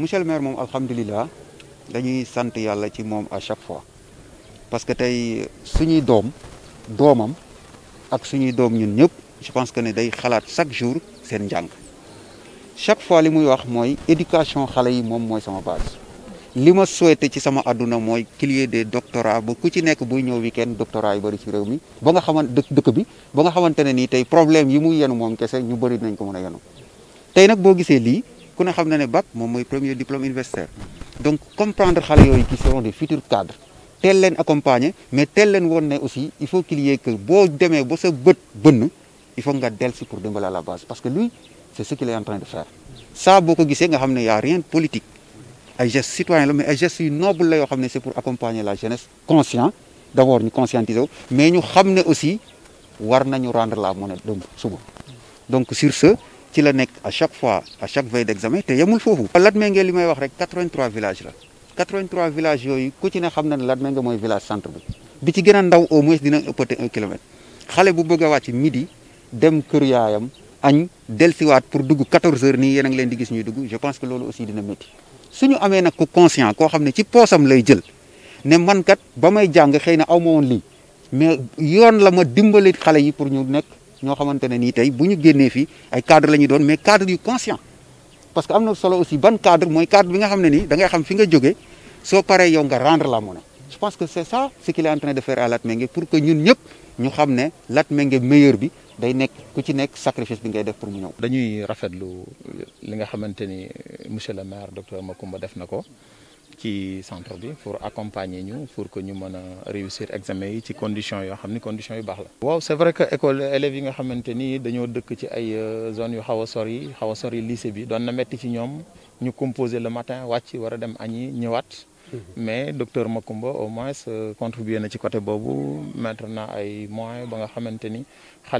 monsieur le maire moom alhamdulilah dañuy sante yalla ci mom à chaque fois parce que tay suñuy dom, domam ak suñuy dom ñun ñëpp je pense que né day xalaat chaque jour sen jang. chaque fois li muy wax moy éducation xalé yi mom moy sama base li ma souhaité ci sama aduna moy qu'il y ait des doctorats bu ku ci nek bu ñew week-end doctorat yu bëri ci rew mi ba nga xamant dëkk dëkk bi ba nga xamante ni tay problème yi muy yenu mom kese ñu bari nañ ko mëna a yenu tay nak bo gisee li ku ne xam na ne bac moom premier diplôme universitaire donc comprendre xale yoy qui seront des futurs cadres teel leen accompagner mais teel leen woon aussi il faut qu'il y ait que bo démé bo sa beut bënn il faut nga dellusi pour dimbali à la base parce que lui c'est ce qu'il est en train de faire ça boko ko nga xamné ya a rien politique ay suis citoyen, la mais noble pour accompagner la jeunesse conscient d'abord nous conscientiser mais nous xam aussi war rendre la monnaie donc donc sur ce ci la à chaque fois à chaque veille d'examen te yemul 83 villages 83 villages yooyu ku ci ne xam na village centre bi ci au moins dina un midi dem kër pour 14 heures leen di je pense que loolu aussi su ñu amee nag ku conscient koo xam ne ci poosam lay jël ne man kat ba may jàng xëy na aw ma woon lii mais yoon la ma dimbali xale yi pour ñu nekk ñoo xamante ne nii tey bu ñu génnee fii ay cadre lañu doon mais cadre yu conscient parce que am na solo aussi ban cadre mooy kadr bi nga xam ne nii da ngay xam fi nga jógee soo paree yow nga rendre la monnaie je pense que c'est ça ce qu'il est en train de faire à Latmingué pour que ñun ñëpp ñu xamné ne Latmingué meilleur bi day nek ku ci nek sacrifice bi ngay def pour mu ñëw. dañuy rafetlu li nga xamanteni monsieur le maire docteur Makumba, def nako ci centre bi pour accompagner ñu pour que ñu mën réussir examen yi ci conditions yo xam ni conditions yu bax la. waaw c'est vrai que école élèves yi nga xamanteni ni dañoo dëkk ci ay euh, zone yu xaw a sori xaw sori lycée bi doon na metti ci ñoom ñu composer le matin wàcc war a dem añi ñëwaat. mais docteur Makumba, au moins contribué na ci côté bobu mettre na ay moyens ba nga xamanteni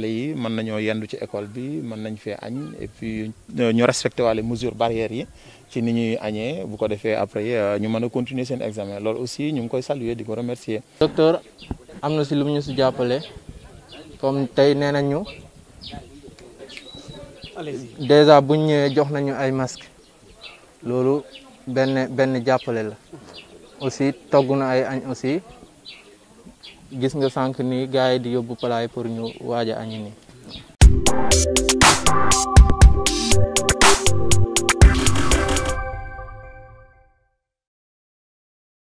ni yi man nañu yendu ci école bi man nañ fi añ et puis ñu respecter waale mesures barrières yi ci ni ñuy agné bu ko défé après euh, ñu mëna continuer sen examen lool aussi ñu ngi koy saluer di ko remercier. docteur nyu ci lu ñu si jappalé comme tay nee ñu déjà buñ ñëwee jox nañu ay masque lolu ben ben jappalé la. aussi togg na ay añ aussi gis nga sànq ni gars yi di yóbbu palaay pour ñu waaj a ni